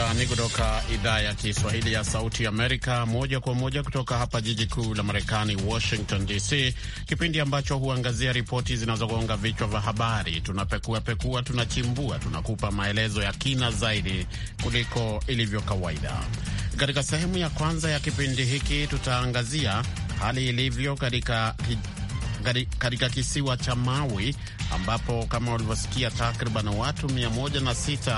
undani kutoka idhaa ya Kiswahili ya Sauti Amerika, moja kwa moja kutoka hapa jiji kuu la Marekani, Washington DC, kipindi ambacho huangazia ripoti zinazogonga vichwa vya habari. Tunapekua pekua, tunachimbua, tunakupa maelezo ya kina zaidi kuliko ilivyo kawaida. Katika sehemu ya kwanza ya kipindi hiki tutaangazia hali ilivyo katika katika kisiwa cha Maui ambapo kama ulivyosikia takriban watu 106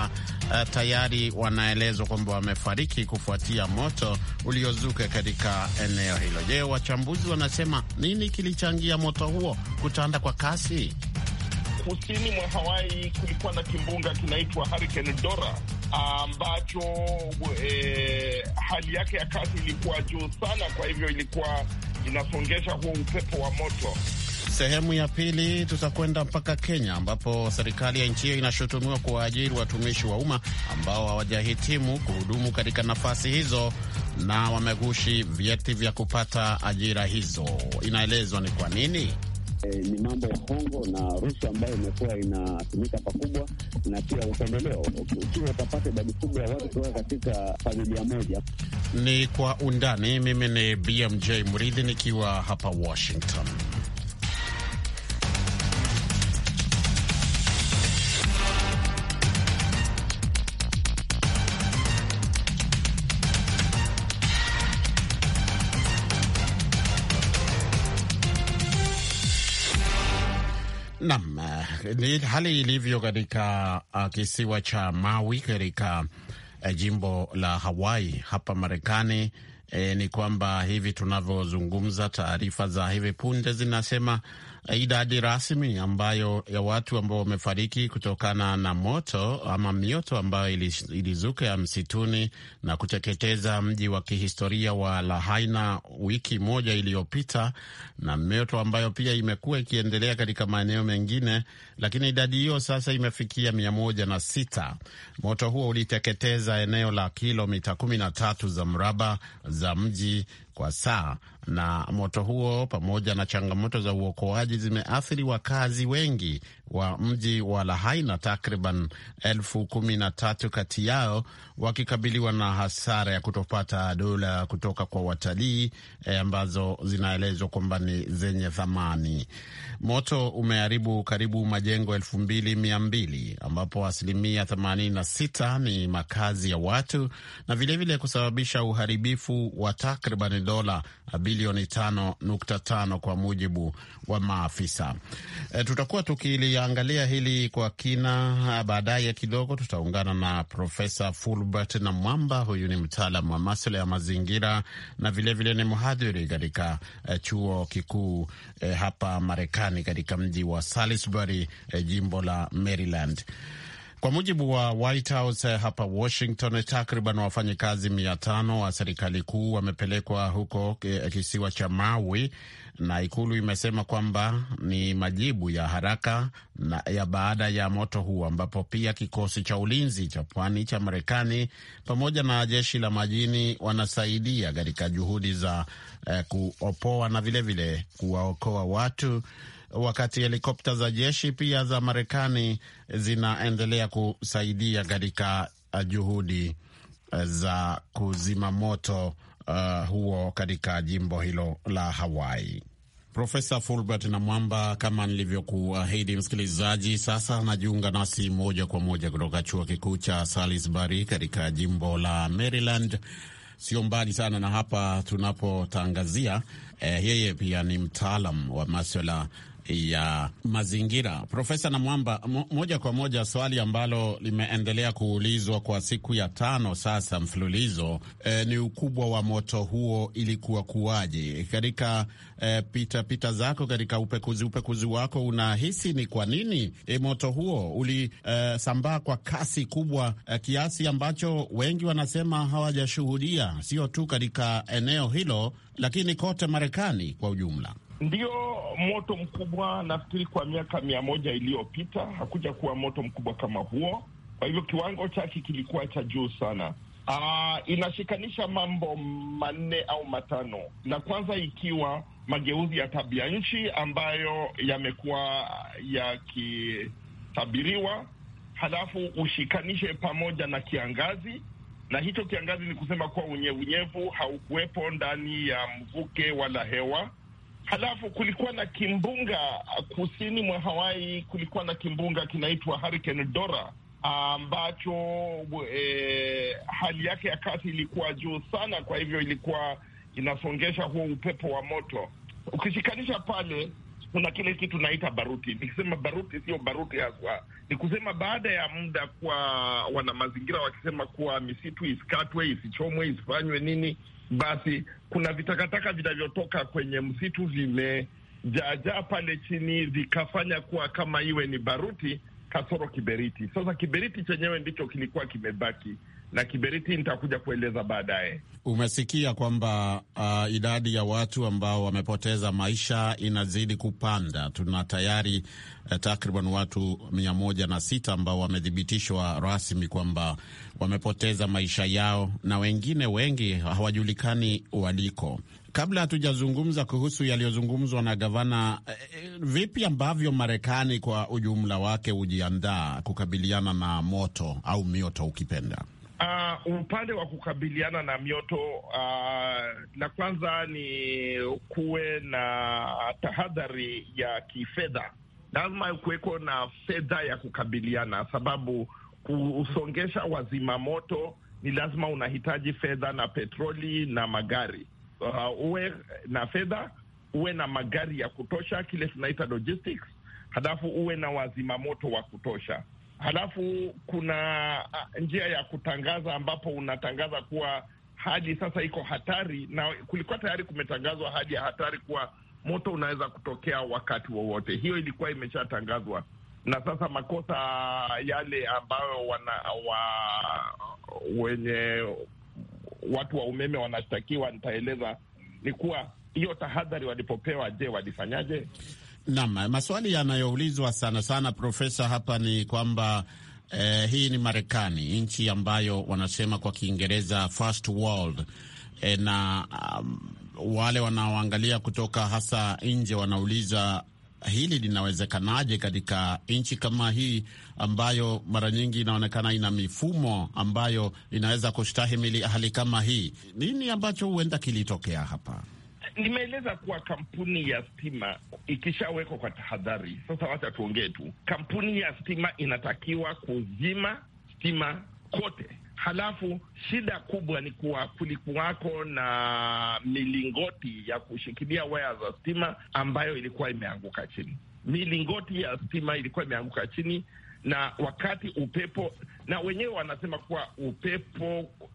uh, eh, tayari wanaelezwa kwamba wamefariki kufuatia moto uliozuka katika eneo hilo. Je, wachambuzi wanasema nini kilichangia moto huo kutanda kwa kasi? Kusini mwa Hawaii kulikuwa na kimbunga kinaitwa Hurricane Dora ambacho e, hali yake ya kasi ilikuwa juu sana, kwa hivyo ilikuwa inapongesha huo upepo wa moto. Sehemu ya pili tutakwenda mpaka Kenya ambapo serikali ya nchi hiyo inashutumiwa kuwaajiri watumishi wa umma ambao hawajahitimu kuhudumu katika nafasi hizo na wamegushi vyeti vya kupata ajira hizo. Inaelezwa ni kwa nini eh, ni mambo ya hongo na rushwa ambayo imekuwa inatumika pakubwa, na pia upendeleo. Ukiwa utapata idadi kubwa ya watu kutoka katika familia moja. Ni kwa undani. Mimi ni BMJ Mridhi nikiwa hapa Washington. nam ni hali ilivyo katika uh, kisiwa cha Maui katika uh, jimbo la Hawaii hapa Marekani. uh, ni kwamba hivi tunavyozungumza, taarifa za hivi punde zinasema Eh, idadi rasmi ambayo ya watu ambao wamefariki kutokana na moto ama mioto ambayo ilizuka ya msituni na kuteketeza mji wa kihistoria wa Lahaina wiki moja iliyopita, na mioto ambayo pia imekuwa ikiendelea katika maeneo mengine, lakini idadi hiyo sasa imefikia mia moja na sita. Moto huo uliteketeza eneo la kilomita kumi na tatu za mraba za mji kwa saa, na moto huo pamoja na changamoto za uokoaji zimeathiri wakazi wengi wa mji wa Lahaina, takriban elfu kumi na tatu kati yao wakikabiliwa na hasara ya kutopata dola kutoka kwa watalii e, ambazo zinaelezwa kwamba ni zenye thamani. Moto umeharibu karibu majengo elfu mbili mia mbili ambapo asilimia sita ni makazi ya watu na vilevile vile kusababisha uharibifu wa takriban dola bilioni tano kwa mujibu wa maafisa e, tutakuwa tukilia tutaangalia hili kwa kina baadaye kidogo. Tutaungana na Profesa Fulbert na Mwamba, huyu ni mtaalamu wa masala ya mazingira na vilevile vile ni mhadhiri katika eh, chuo kikuu eh, hapa Marekani, katika mji wa Salisbury eh, jimbo la Maryland. Kwa mujibu wa White House eh, hapa Washington, takriban wafanyakazi mia tano wa serikali kuu wamepelekwa huko eh, kisiwa cha Maui, na ikulu imesema kwamba ni majibu ya haraka na ya baada ya moto huo, ambapo pia kikosi cha ulinzi cha pwani cha Marekani pamoja na jeshi la majini wanasaidia katika juhudi za eh, kuopoa na vilevile kuwaokoa watu wakati helikopta za jeshi pia za Marekani zinaendelea kusaidia katika uh, juhudi uh, za kuzima moto uh, huo katika jimbo hilo la Hawaii. Profesa Fulbert na Mwamba, kama nilivyokuahidi msikilizaji, sasa anajiunga nasi moja kwa moja kutoka chuo kikuu cha Salisbury katika jimbo la Maryland, sio mbali sana na hapa tunapotangazia. Eh, yeye pia ni mtaalam wa maswala ya mazingira. Profesa Namwamba, moja kwa moja swali ambalo limeendelea kuulizwa kwa siku ya tano sasa mfululizo e, ni ukubwa wa moto huo ilikuwa kuwaje? Katika e, pita pita zako katika upekuzi upekuzi wako unahisi ni kwa nini e, moto huo ulisambaa e, kwa kasi kubwa e, kiasi ambacho wengi wanasema hawajashuhudia, sio tu katika eneo hilo lakini kote Marekani kwa ujumla? Ndio moto mkubwa nafikiri kwa miaka mia moja iliyopita hakuja kuwa moto mkubwa kama huo. Kwa hivyo kiwango chake kilikuwa cha juu sana. uh, inashikanisha mambo manne au matano. La kwanza ikiwa mageuzi ya tabia nchi ambayo yamekuwa yakitabiriwa, halafu ushikanishe pamoja na kiangazi, na hicho kiangazi ni kusema kuwa unyevunyevu haukuwepo ndani ya mvuke wala hewa Halafu kulikuwa na kimbunga ah, kusini mwa Hawaii, kulikuwa na kimbunga kinaitwa Hurricane Dora ah, ambacho e, hali yake ya kasi ilikuwa juu sana, kwa hivyo ilikuwa inasongesha huo upepo wa moto. Ukishikanisha pale, kuna kile kitu naita baruti. Nikisema baruti, sio baruti haswa, ni kusema baada ya muda, kwa mazingira wakisema kuwa misitu isikatwe, isichomwe, isifanywe nini basi kuna vitakataka vinavyotoka kwenye msitu vimejaajaa pale chini, vikafanya kuwa kama iwe ni baruti kasoro kiberiti. Sasa kiberiti chenyewe ndicho kilikuwa kimebaki na kiberiti nitakuja kueleza baadaye. Umesikia kwamba uh, idadi ya watu ambao wamepoteza maisha inazidi kupanda. Tuna tayari eh, takriban watu mia moja na sita ambao wamethibitishwa rasmi kwamba wamepoteza maisha yao na wengine wengi hawajulikani waliko. Kabla hatujazungumza kuhusu yaliyozungumzwa na gavana, eh, vipi ambavyo Marekani kwa ujumla wake hujiandaa kukabiliana na moto au mioto ukipenda? Uh, upande wa kukabiliana na mioto uh, la kwanza ni kuwe na tahadhari ya kifedha. Lazima kuweko na fedha ya kukabiliana, sababu kusongesha wazima moto ni lazima unahitaji fedha na petroli na magari. Uh, uwe na fedha, uwe na magari ya kutosha, kile tunaita logistics, halafu uwe na wazima moto wa kutosha. Halafu kuna njia ya kutangaza ambapo unatangaza kuwa hali sasa iko hatari, na kulikuwa tayari kumetangazwa hali ya hatari kuwa moto unaweza kutokea wakati wowote hiyo ilikuwa imeshatangazwa, na sasa makosa yale ambayo wana, wa, wenye watu wa umeme wanashtakiwa, nitaeleza ni kuwa hiyo tahadhari walipopewa, je, walifanyaje? Naam, maswali yanayoulizwa sana sana profesa hapa ni kwamba eh, hii ni Marekani, nchi ambayo wanasema kwa Kiingereza first world eh, na um, wale wanaoangalia kutoka hasa nje wanauliza hili linawezekanaje katika nchi kama hii ambayo mara nyingi inaonekana ina mifumo ambayo inaweza kustahimili hali kama hii? Nini ambacho huenda kilitokea hapa? Nimeeleza kuwa kampuni ya stima ikishawekwa kwa tahadhari, sasa wacha tuongee tu, kampuni ya stima inatakiwa kuzima stima kote. Halafu shida kubwa ni kuwa kulikuwako na milingoti ya kushikilia waya za stima ambayo ilikuwa imeanguka chini. Milingoti ya stima ilikuwa imeanguka chini, na wakati upepo, na wenyewe wanasema kuwa upepo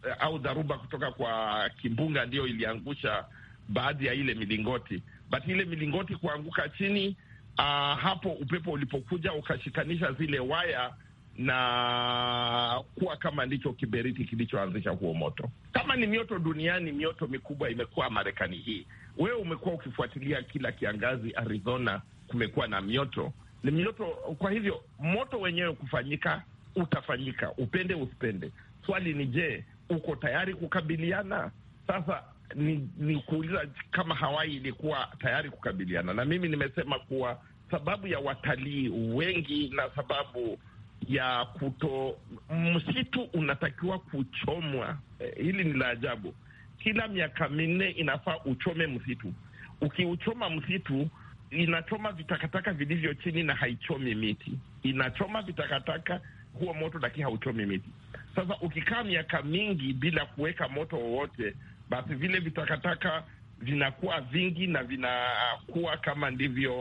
eh, au dharuba kutoka kwa kimbunga ndiyo iliangusha baadhi ya ile milingoti, but ile milingoti kuanguka chini Uh, hapo upepo ulipokuja ukashikanisha zile waya na kuwa kama ndicho kiberiti kilichoanzisha huo moto. Kama ni mioto duniani, mioto mikubwa imekuwa Marekani hii. Wewe umekuwa ukifuatilia kila kiangazi Arizona, kumekuwa na mioto, ni mioto. Kwa hivyo moto wenyewe kufanyika utafanyika, upende usipende. Swali ni je, uko tayari kukabiliana? Sasa ni, ni kuuliza kama Hawaii ilikuwa tayari kukabiliana na mimi. Nimesema kuwa sababu ya watalii wengi na sababu ya kuto msitu unatakiwa kuchomwa. Eh, hili ni la ajabu. Kila miaka minne inafaa uchome msitu. Ukiuchoma msitu inachoma vitakataka vilivyo chini na haichomi miti, inachoma vitakataka huo moto, lakini hauchomi miti. Sasa ukikaa miaka mingi bila kuweka moto wowote, basi vile vitakataka vinakuwa vingi na vinakuwa kama ndivyo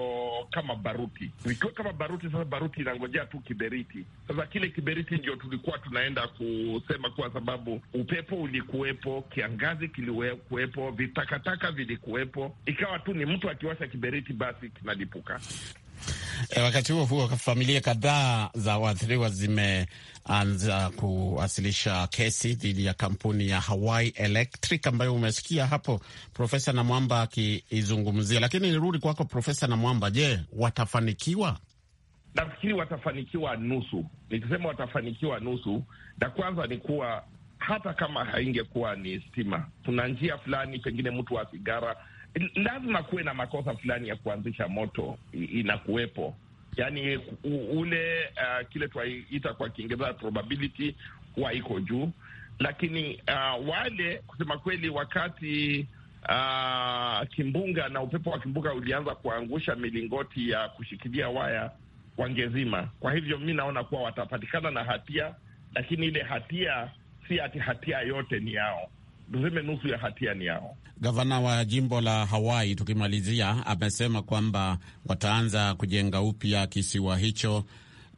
kama baruti. Vikiwa kama baruti, sasa baruti inangojea tu kiberiti. Sasa kile kiberiti ndio tulikuwa tunaenda kusema, kwa sababu upepo ulikuwepo, kiangazi kilikuwepo, vitakataka vilikuwepo, ikawa tu ni mtu akiwasha kiberiti basi kinalipuka. E, wakati huo huo familia kadhaa za waathiriwa zimeanza kuwasilisha kesi dhidi ya kampuni ya Hawaii Electric ambayo umesikia hapo Profesa Namwamba akiizungumzia. Lakini nirudi kwako Profesa Namwamba, je, watafanikiwa? Nafikiri watafanikiwa nusu. Nikisema watafanikiwa nusu, na kwanza ni kuwa hata kama haingekuwa ni stima, kuna njia fulani, pengine mtu wa sigara lazima kuwe na makosa fulani ya kuanzisha moto inakuwepo, yaani ule uh, kile tuwaita kwa Kiingereza probability huwa iko juu, lakini uh, wale kusema kweli, wakati uh, kimbunga na upepo wa kimbunga ulianza kuangusha milingoti ya kushikilia waya wangezima. Kwa hivyo mi naona kuwa watapatikana na hatia, lakini ile hatia si ati hatia yote ni yao tuseme nusu ya hatia ni yao. Gavana wa jimbo la Hawaii, tukimalizia, amesema kwamba wataanza kujenga upya kisiwa hicho.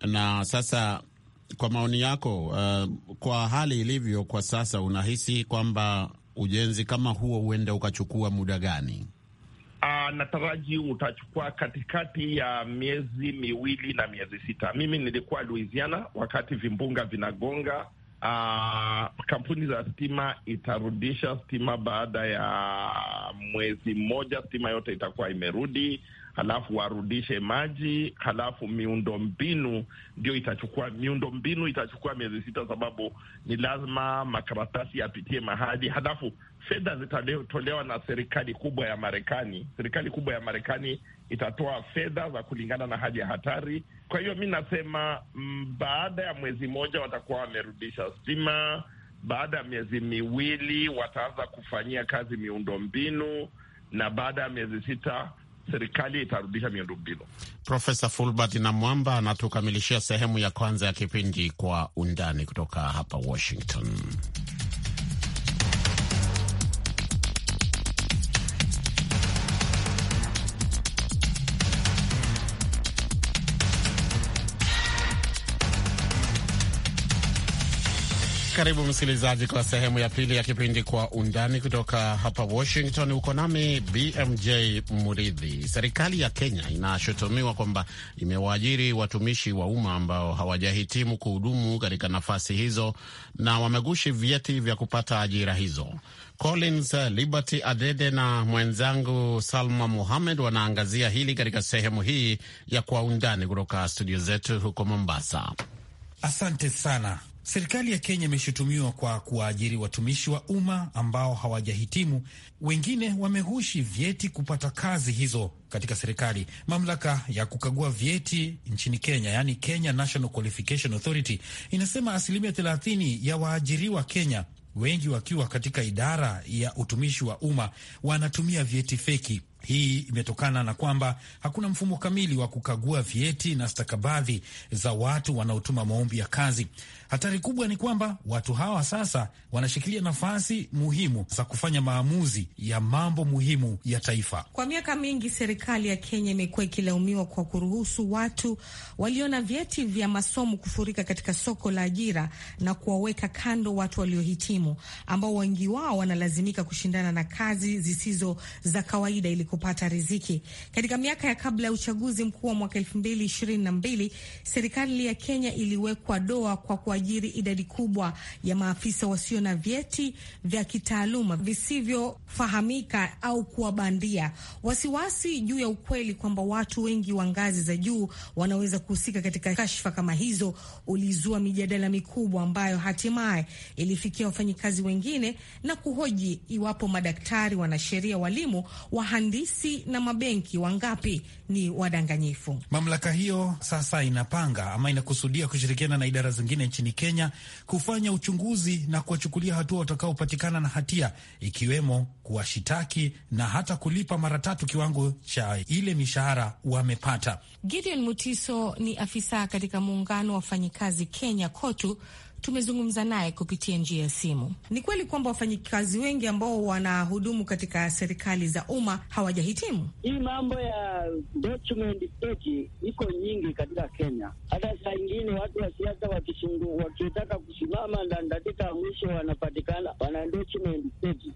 Na sasa kwa maoni yako, uh, kwa hali ilivyo kwa sasa, unahisi kwamba ujenzi kama huo huenda ukachukua muda gani? Uh, nataraji utachukua katikati ya miezi miwili na miezi sita. Mimi nilikuwa Louisiana wakati vimbunga vinagonga uh, kampuni za stima itarudisha stima baada ya mwezi mmoja, stima yote itakuwa imerudi halafu warudishe maji, halafu miundo mbinu ndio itachukua. Miundo mbinu itachukua miezi sita, sababu ni lazima makaratasi yapitie mahali, halafu fedha zitatolewa na serikali kubwa ya Marekani. Serikali kubwa ya Marekani itatoa fedha za kulingana na hali ya hatari kwa hiyo mi nasema m, mm, baada ya mwezi mmoja watakuwa wamerudisha stima, baada ya miezi miwili wataanza kufanyia kazi miundombinu, na baada ya miezi sita serikali itarudisha miundombinu. Profesa Fulbert na Mwamba anatukamilishia sehemu ya kwanza ya kipindi Kwa Undani kutoka hapa Washington. Karibu msikilizaji kwa sehemu ya pili ya kipindi Kwa Undani kutoka hapa Washington. Uko nami BMJ Muridhi. Serikali ya Kenya inashutumiwa kwamba imewaajiri watumishi wa umma ambao hawajahitimu kuhudumu katika nafasi hizo na wamegushi vyeti vya kupata ajira hizo. Collins Liberty Adede na mwenzangu Salma Muhamed wanaangazia hili katika sehemu hii ya Kwa Undani kutoka studio zetu huko Mombasa. Asante sana. Serikali ya Kenya imeshutumiwa kwa kuwaajiri watumishi wa umma ambao hawajahitimu. Wengine wamehushi vyeti kupata kazi hizo katika serikali. Mamlaka ya kukagua vyeti nchini Kenya, yaani Kenya National Qualification Authority, inasema asilimia 30 ya waajiriwa Kenya, wengi wakiwa katika idara ya utumishi wa umma, wanatumia vyeti feki. Hii imetokana na kwamba hakuna mfumo kamili wa kukagua vyeti na stakabadhi za watu wanaotuma maombi ya kazi. Hatari kubwa ni kwamba watu hawa sasa wanashikilia nafasi muhimu za kufanya maamuzi ya mambo muhimu ya taifa. Kwa miaka mingi, serikali ya Kenya imekuwa ikilaumiwa kwa kuruhusu watu walio na vyeti vya masomo kufurika katika soko la ajira na kuwaweka kando watu waliohitimu, ambao wengi wao wanalazimika kushindana na kazi zisizo za kawaida ili kupata riziki. Katika miaka ya kabla ya uchaguzi mkuu wa mwaka mbili, serikali ya Kenya iliwekwa doa kwa kuajiri idadi kubwa ya maafisa wasio na vyeti vya kitaaluma visivyofahamika au kuwa bandia. Wasiwasi juu ya ukweli kwamba watu wengi wa ngazi za juu wanaweza kuhusika katika kashfa kama hizo ulizua mijadala mikubwa ambayo hatimaye ilifikia wafanyikazi wengine na kuhoji iwapo madaktari, wanasheria, walimu, wahandisi na mabenki wangapi ni wadanganyifu. Mamlaka hiyo sasa inapanga ama inakusudia kushirikiana na idara zingine nchini Kenya kufanya uchunguzi na kuwachukulia hatua watakaopatikana na hatia, ikiwemo kuwashitaki na hata kulipa mara tatu kiwango cha ile mishahara wamepata. Gideon Mutiso ni afisa katika muungano wa wafanyikazi Kenya KOTU tumezungumza naye kupitia njia ya simu. Ni kweli kwamba wafanyikazi wengi ambao wanahudumu katika serikali za umma hawajahitimu. Hii mambo ya document iko nyingi katika Kenya. Hata saa ingine watu wa siasa wakitaka kusimama katika mwisho wanapatikana wana document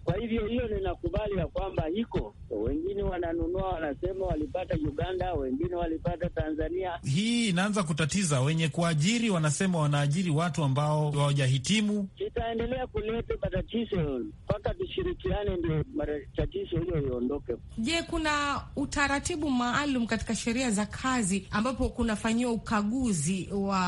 Kwa hivyo hiyo ninakubali ya kwamba iko wengine wananunua, wanasema walipata Uganda, wengine walipata Tanzania. Hii inaanza kutatiza wenye kuajiri, wanasema wanaajiri watu ambao ambao hawajahitimu. Itaendelea kuleta matatizo mpaka tushirikiane, ndio matatizo hiyo iondoke. Je, kuna utaratibu maalum katika sheria za kazi ambapo kunafanyiwa ukaguzi wa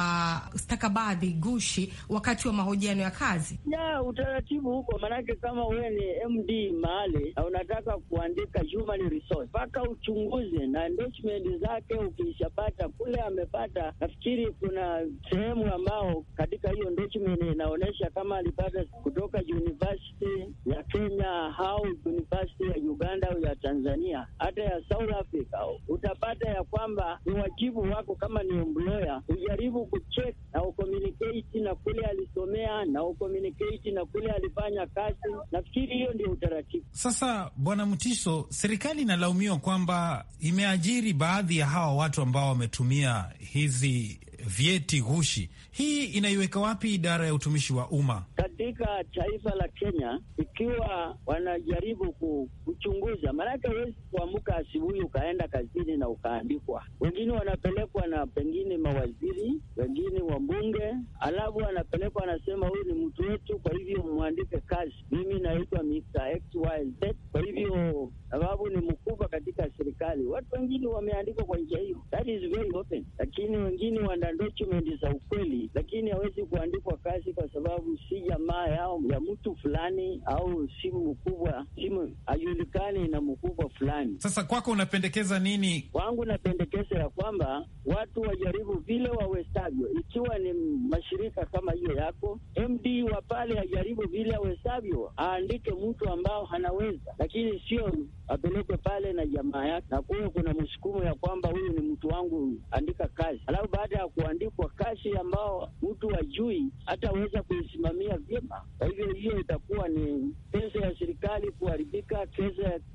stakabadhi gushi wakati wa mahojiano ya kazi? Ya, utaratibu huko, maanake kama wewe ni MD mahali na unataka kuandika human resource, mpaka uchunguzi na endorsement zake, ukishapata kule amepata, nafikiri kuna sehemu ambao katika hiyo engagement inaonyesha kama alipata kutoka university ya Kenya au university ya Uganda au ya Tanzania hata ya South Africa, utapata ya kwamba ni wajibu wako kama ni employer ujaribu kucheck na ucommunicate na kule alisomea na ucommunicate na kule alifanya kazi. Nafikiri hiyo ndio utaratibu. Sasa Bwana Mtiso, serikali inalaumiwa kwamba imeajiri baadhi ya hawa watu ambao wametumia hizi vyeti gushi. Hii inaiweka wapi idara ya utumishi wa umma katika taifa la Kenya ikiwa wanajaribu kuchunguza? Maanake huwezi kuamka asubuhi ukaenda kazini na ukaandikwa. Wengine wanapelekwa na pengine mawaziri, wengine wabunge, alafu wanapelekwa wanasema, huyu ni mtu wetu, kwa hivyo mwandike kazi. Mimi naitwa Mr. XYZ, kwa hivyo sababu ni mkubwa katika serikali. Watu wengine wameandikwa kwa njia hiyo, that is very open, lakini wengine wana document za ukweli, lakini hawezi kuandikwa kazi kwa sababu si jamaa yao ya mtu fulani au simu mkubwa, simu hajulikani na mkubwa fulani. Sasa kwako unapendekeza nini? Kwangu napendekeza ya kwamba watu wajaribu vile wawezavyo, ikiwa ni mashirika kama hiyo yako, MD wa pale ajaribu vile awezavyo, aandike mtu ambao anaweza, lakini sio apelekwe pale na jamaa yake, na kuwe kuna msukumo ya kwamba huyu ni mtu wangu, andika kazi, alafu baada ya kuandikwa kashi ambao mtu ajui hataweza kuisimamia vyema. Kwa hivyo hiyo itakuwa ni pesa ya serikali kuharibika,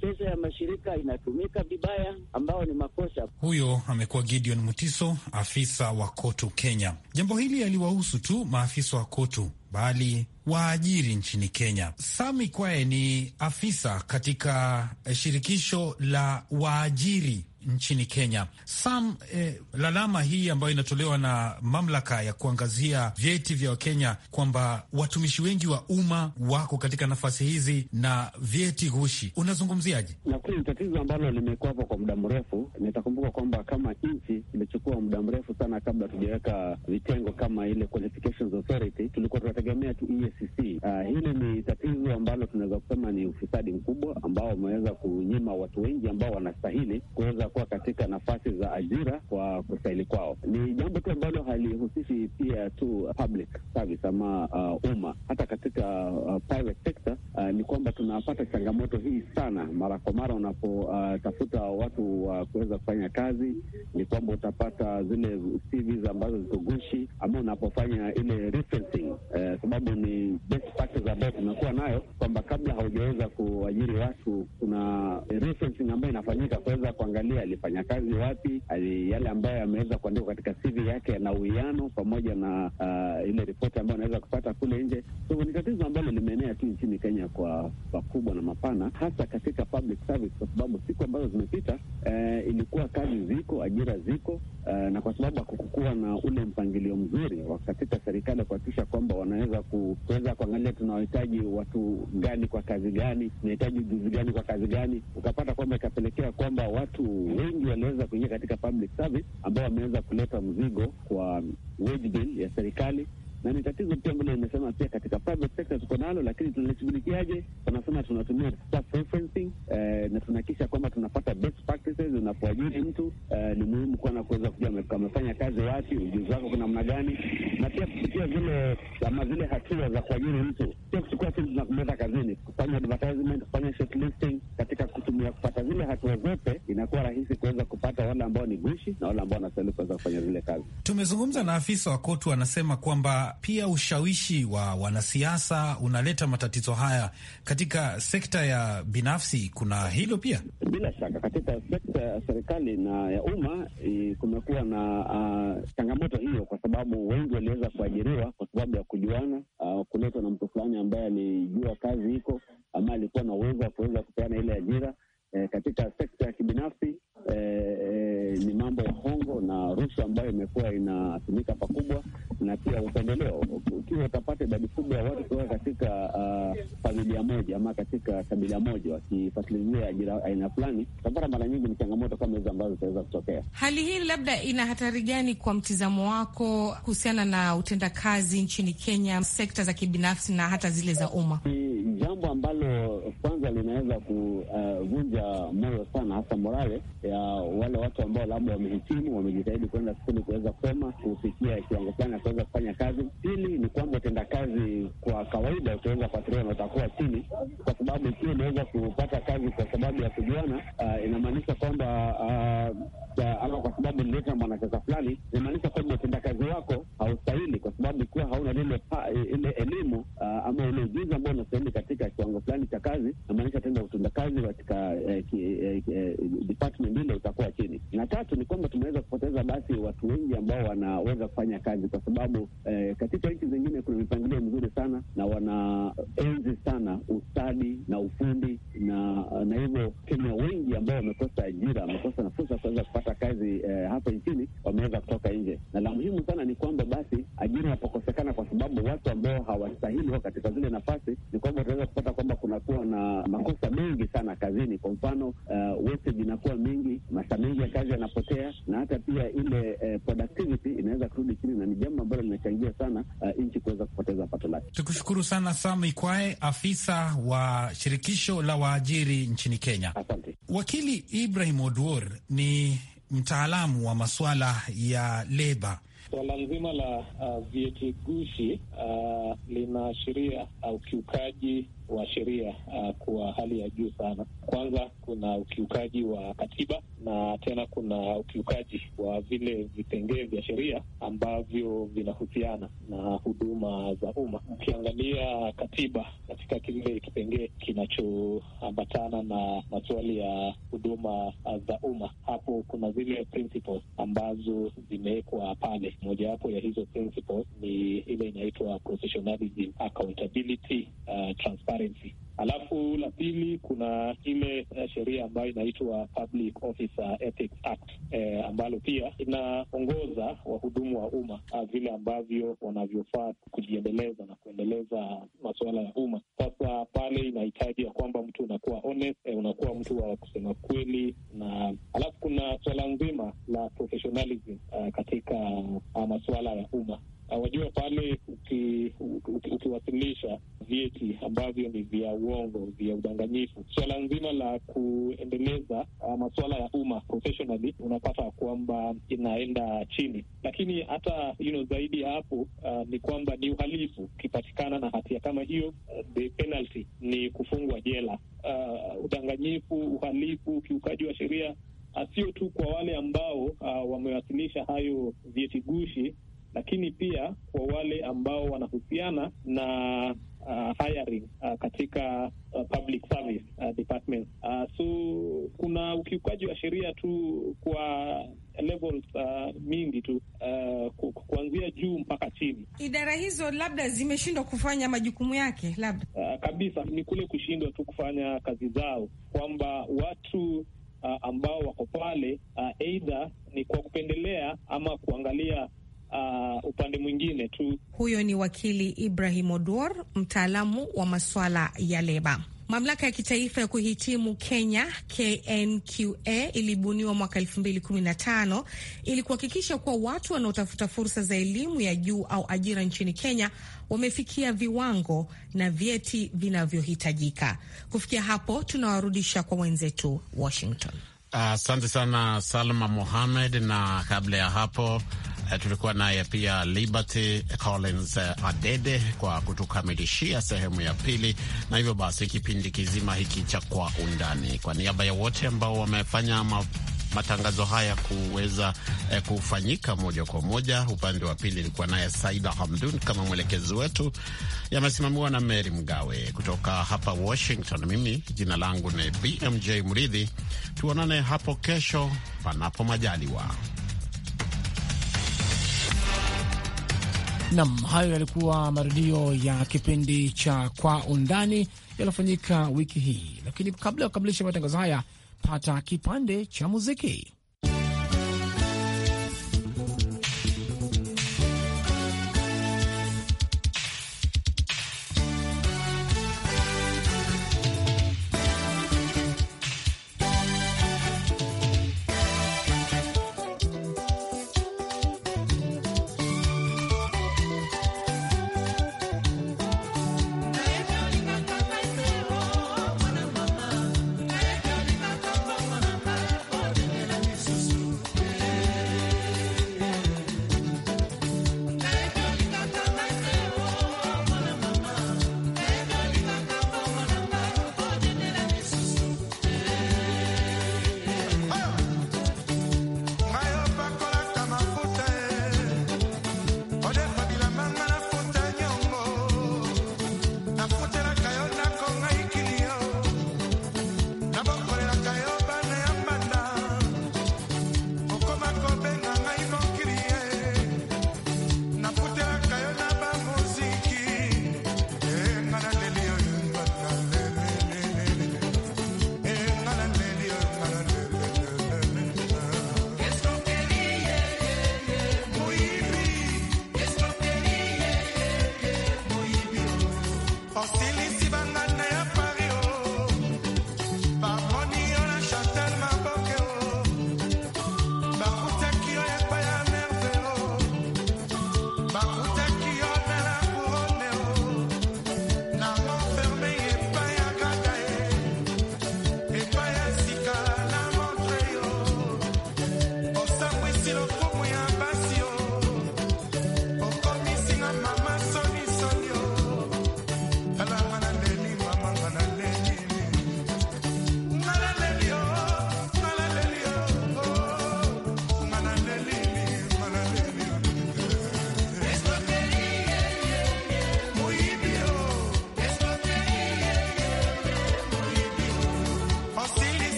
pesa ya mashirika inatumika vibaya, ambao ni makosa. Huyo amekuwa Gideon Mutiso, afisa wa KOTU Kenya. Jambo hili aliwahusu tu maafisa wa KOTU bali waajiri nchini Kenya. Sami Kwae ni afisa katika eh, shirikisho la waajiri nchini Kenya. Sam, eh, lalama hii ambayo inatolewa na mamlaka ya kuangazia vyeti vya Wakenya kwamba watumishi wengi wa umma wako katika nafasi hizi na vyeti ghushi, unazungumziaje? Nafikiri ni tatizo ambalo limekuwapo kwa muda mrefu. Nitakumbuka kwamba kama nchi imechukua muda mrefu sana kabla tujaweka vitengo kama ile Qualifications Authority, tulikuwa tunategemea tu EACC. Uh, ah, hili ni tatizo ambalo tunaweza kusema ni ufisadi mkubwa ambao umeweza kunyima watu wengi ambao wanastahili kuweza watakuwa katika nafasi za ajira kwa kustahili kwao. Ni jambo tu ambalo halihusishi pia tu public service ama uh, umma, hata katika uh, private sector uh, ni kwamba tunapata changamoto hii sana mara kwa mara unapotafuta uh, watu wa uh, kuweza kufanya kazi, ni kwamba utapata zile CVs ambazo ziko ama unapofanya ile referencing uh, sababu ni best practice ambayo tumekuwa nayo kwamba kabla haujaweza kuajiri watu kuna referencing ambayo inafanyika kuweza kuangalia alifanya kazi wapi, ali, yale ambayo ameweza kuandika katika CV yake yana uwiano pamoja na uh, ile ripoti ambayo anaweza kupata kule nje. So ni tatizo ambalo limeenea tu nchini Kenya kwa pakubwa na mapana, hasa katika public service, kwa sababu siku ambazo zimepita uh, ilikuwa kazi ziko, ajira ziko uh, na kwa sababu hakukuwa na ule mpangilio mzuri wa katika serikali kuhakikisha kwamba wanaweza kuweza kuangalia tunawahitaji watu gani kwa kazi gani, tunahitaji ujuzi gani kwa kazi gani, ukapata kwamba ikapelekea kwamba watu wengi waliweza kuingia katika public service ambao wameweza kuleta mzigo kwa wage bill ya serikali na ni tatizo pia mbona imesema pia katika private sector tuko nalo, lakini tunalishughulikiaje? Wanasema tunatumia staff referencing eh, na tunahakikisha kwamba tunapata best practices. Unapoajiri mtu eh, ni muhimu kuwa na kuweza kujua amefanya kazi wapi, ujuzi wako namna gani, na pia kupitia zile ama zile hatua za kuajiri mtu, pia kuchukua simu na kumleta kazini, kufanya advertisement, kufanya shortlisting. Katika kutumia kupata zile hatua zote, inakuwa rahisi kuweza kupata wale ambao ni gushi na wale ambao wanastahili kuweza kufanya zile kazi. Tumezungumza na afisa wa KOTU anasema kwamba pia ushawishi wa wanasiasa unaleta matatizo haya katika sekta ya binafsi. Kuna hilo pia, bila shaka, katika sekta ya serikali na ya umma kumekuwa na uh, changamoto hiyo, kwa sababu wengi waliweza kuajiriwa kwa sababu ya kujuana, uh, kuletwa na mtu fulani ambaye alijua kazi iko ama alikuwa na uwezo wa kuweza kupeana ile ajira eh, katika sekta ya kibinafsi eh, eh, ni mambo ya hongo na rushwa ambayo imekuwa inatumika pakubwa, na pia upendeleo. Ukiwa utapata idadi kubwa ya watu kutoka katika ah, familia moja ama katika kabila moja wakifatilizia ajira aina fulani, utapata mara nyingi ni changamoto kama hizo ambazo zitaweza kutokea. Hali hii labda ina hatari gani kwa mtizamo wako kuhusiana na utendakazi nchini Kenya, sekta za kibinafsi na hata zile za umma? jambo ambalo kwanza linaweza kuvunja uh, moyo sana, hasa morale ya wale watu ambao labda wamehitimu, wamejitahidi kuenda skuli kuweza kusoma kufikia kiwango fulani akuweza kufanya kazi. Pili ni kwamba utendakazi kwa kawaida utaweza kuathiriwa na utakuwa chini, kwa sababu ikiwa unaweza kupata kazi kwa sababu ya kujuana, uh, inamaanisha kwamba uh, ama kwa sababu nileta mwanacheza fulani, inamaanisha kwamba utendakazi wako haustahili, kwa sababu ikiwa hauna lile ile elimu uh, ama ile ujuzi ambao unastahili katika katika kiwango fulani cha kazi, namaanisha tena kazi katika eh, eh, eh, department hilo utakuwa chini. Na tatu ni kwamba tumeweza kupoteza basi watu wengi ambao wanaweza kufanya kazi, kwa sababu eh, katika nchi zingine kuna mipangilio mzuri sana na wanaenzi sana ustadi na ufundi, na na hivyo Kenya wengi ambao wamekosa ajira, wamekosa na fursa kuweza kupata kazi eh, hapa nchini wameweza kutoka nje, na la muhimu sana ni kwamba basi ajira inapokosekana kwa sababu watu ambao hawastahili katika zile nafasi ni kwamba unaweza kupata kwamba kunakuwa na makosa mengi sana kazini. Kwa mfano, uh, wastage inakuwa mingi, masaa mengi ya kazi yanapotea, na hata pia ile uh, productivity inaweza kurudi chini, na ni jambo ambalo linachangia sana uh, nchi kuweza kupoteza pato lake. Tukushukuru sana Sam Ikwae, afisa wa shirikisho la waajiri nchini Kenya. Asante. Wakili Ibrahim Odwor ni mtaalamu wa masuala ya leba Swala nzima la uh, vyeti gushi uh, linaashiria uh, ukiukaji wa sheria uh, kwa hali ya juu sana. Kwanza kuna ukiukaji wa katiba na tena kuna ukiukaji wa vile vipengee vya sheria ambavyo vinahusiana na huduma za umma. Ukiangalia katiba katika kile kipengee kinachoambatana na maswali ya huduma za umma, hapo kuna zile principles ambazo zimewekwa pale. Mojawapo ya hizo principles ni ile inaitwa accountability, uh, transparency transparency. Alafu la pili kuna ile eh, sheria ambayo inaitwa Public Officer Ethics Act eh, ambalo pia inaongoza wahudumu wa umma ah, vile ambavyo wanavyofaa kujiendeleza na kuendeleza masuala ya umma. Sasa pale inahitaji ya kwamba mtu unakuwa honest, eh, unakuwa mtu wa kusema kweli, na alafu kuna swala nzima la professionalism eh, katika ah, masuala ya umma Ah, wajua pale ukiwasilisha vyeti ambavyo ni vya uongo, vya udanganyifu, suala nzima la kuendeleza uh, ah, masuala ya umma professionally, unapata kwamba inaenda chini. Lakini hata you know, zaidi ya hapo uh, ni kwamba ni uhalifu. Ukipatikana na hatia kama hiyo, uh, the penalty ni kufungwa jela. Uh, udanganyifu, uhalifu, ukiukaji wa sheria sio tu kwa wale ambao uh, wamewasilisha hayo vyeti gushi lakini pia kwa wale ambao wanahusiana na uh, hiring uh, katika uh, public service uh, uh, so kuna ukiukaji wa sheria tu kwa levels uh, mingi tu uh, kuanzia juu mpaka chini. Idara hizo labda zimeshindwa kufanya majukumu yake, labda uh, kabisa ni kule kushindwa tu kufanya kazi zao, kwamba watu uh, ambao wako pale uh, eidha ni kwa kupendelea ama kuangalia uh, upande mwingine tu. Huyo ni wakili Ibrahim Odwor, mtaalamu wa masuala ya leba. Mamlaka ya kitaifa ya kuhitimu Kenya KNQA ilibuniwa mwaka 2015 ili kuhakikisha kuwa watu wanaotafuta fursa za elimu ya juu au ajira nchini Kenya wamefikia viwango na vyeti vinavyohitajika. Kufikia hapo, tunawarudisha kwa wenzetu Washington. Asante uh, sana Salma Mohamed, na kabla ya hapo uh, tulikuwa naye pia Liberty Collins uh, Adede kwa kutukamilishia sehemu ya pili, na hivyo basi kipindi kizima hiki cha Kwa Undani, kwa niaba ya wote ambao wamefanya matangazo haya kuweza eh, kufanyika moja kwa moja. Upande wa pili ilikuwa naye Saida Hamdun kama mwelekezi wetu, yamesimamiwa na Mary Mgawe kutoka hapa Washington. Mimi jina langu ni BMJ Mridhi, tuonane hapo kesho panapo majaliwa. Nam, hayo yalikuwa marudio ya kipindi cha Kwa Undani yaliyofanyika wiki hii, lakini kabla ya kukamilisha matangazo haya pata kipande cha muziki.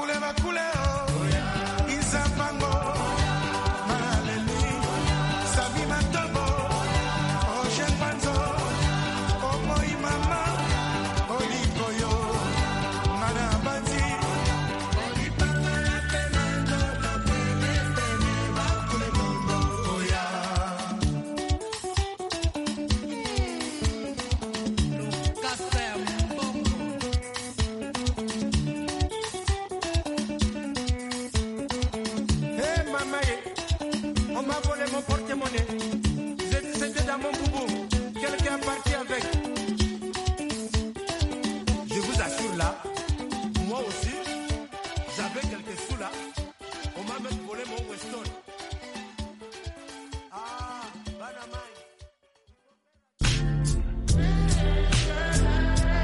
Cool, cool,